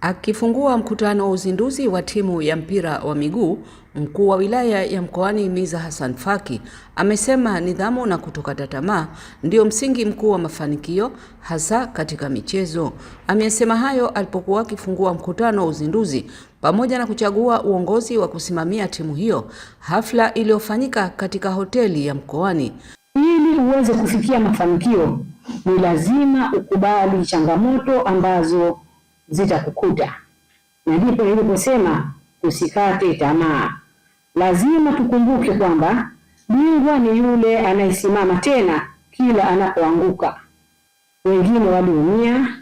Akifungua mkutano wa uzinduzi wa timu ya mpira wa miguu, mkuu wa wilaya ya Mkoani Miza Hassan Faki amesema nidhamu na kutokata tamaa ndio msingi mkuu wa mafanikio hasa katika michezo. Amesema hayo alipokuwa akifungua mkutano wa uzinduzi pamoja na kuchagua uongozi wa kusimamia timu hiyo, hafla iliyofanyika katika hoteli ya Mkoani. Ili uweze kufikia mafanikio, ni lazima ukubali changamoto ambazo zitakukuta. Na ndipo niliposema tusikate tamaa. Lazima tukumbuke kwamba bingwa ni yule anayesimama tena kila anapoanguka. Wengine waliumia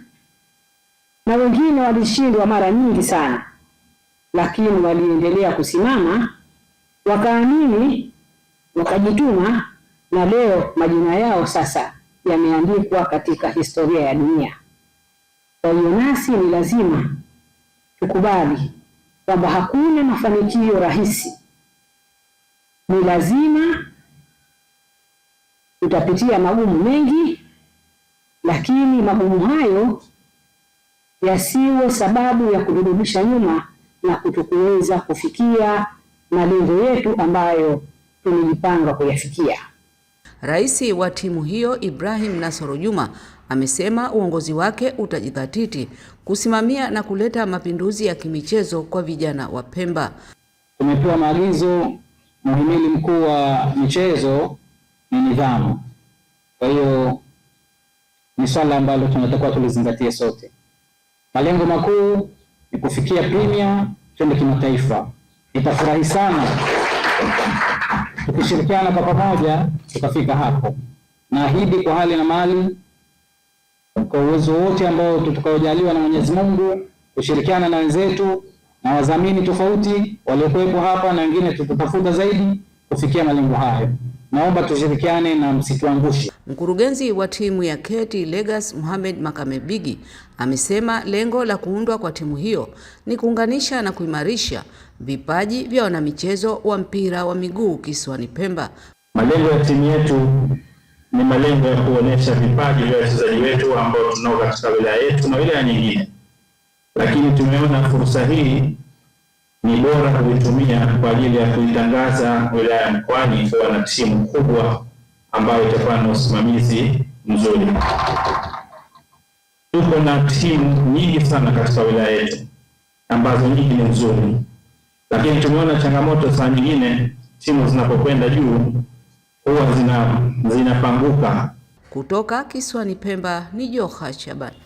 na wengine walishindwa mara nyingi sana, lakini waliendelea kusimama, wakaamini, wakajituma, na leo majina yao sasa yameandikwa katika historia ya dunia. Kwa hiyo nasi ni lazima tukubali kwamba hakuna mafanikio rahisi, ni lazima tutapitia magumu mengi, lakini magumu hayo yasiwe sababu ya kudurudisha nyuma na kutokuweza kufikia malengo yetu ambayo tumejipanga kuyafikia. Rais wa timu hiyo Ibrahim Nasoro Juma amesema uongozi wake utajidhatiti kusimamia na kuleta mapinduzi ya kimichezo kwa vijana wa Pemba. Tumepewa maagizo muhimili mkuu wa michezo ni nidhamu. Kwa hiyo ni swala ambalo tunatakiwa tulizingatie sote. Malengo makuu ni kufikia premier, twende kimataifa. Nitafurahi sana Tukishirikiana kwa pamoja tukafika hapo. Naahidi kwa hali na mali, kwa uwezo wote ambao tutakaojaliwa na Mwenyezi Mungu, kushirikiana na wenzetu na wadhamini tofauti waliokuwepo hapa na wengine, tutatafuta zaidi kufikia malengo hayo naomba tushirikiane na msituangushe. Mkurugenzi wa timu ya Keti legas Mohamed Makamebigi amesema lengo la kuundwa kwa timu hiyo ni kuunganisha na kuimarisha vipaji vya wanamichezo wa mpira wa miguu kisiwani Pemba. Malengo ya timu yetu ni malengo ya kuonesha vipaji vya wachezaji wetu ambao tunao katika wilaya yetu na wilaya nyingine, lakini tumeona fursa hii ni bora kuvitumia kwa ajili ya kuitangaza wilaya ya Mkoani ikiwa na timu kubwa ambayo itakuwa na usimamizi mzuri. Tuko na timu nyingi sana katika wilaya yetu ambazo nyingi ni nzuri, lakini tumeona changamoto saa nyingine timu zinapokwenda juu huwa zina zinapanguka. Kutoka kisiwani Pemba ni Joha Chabani.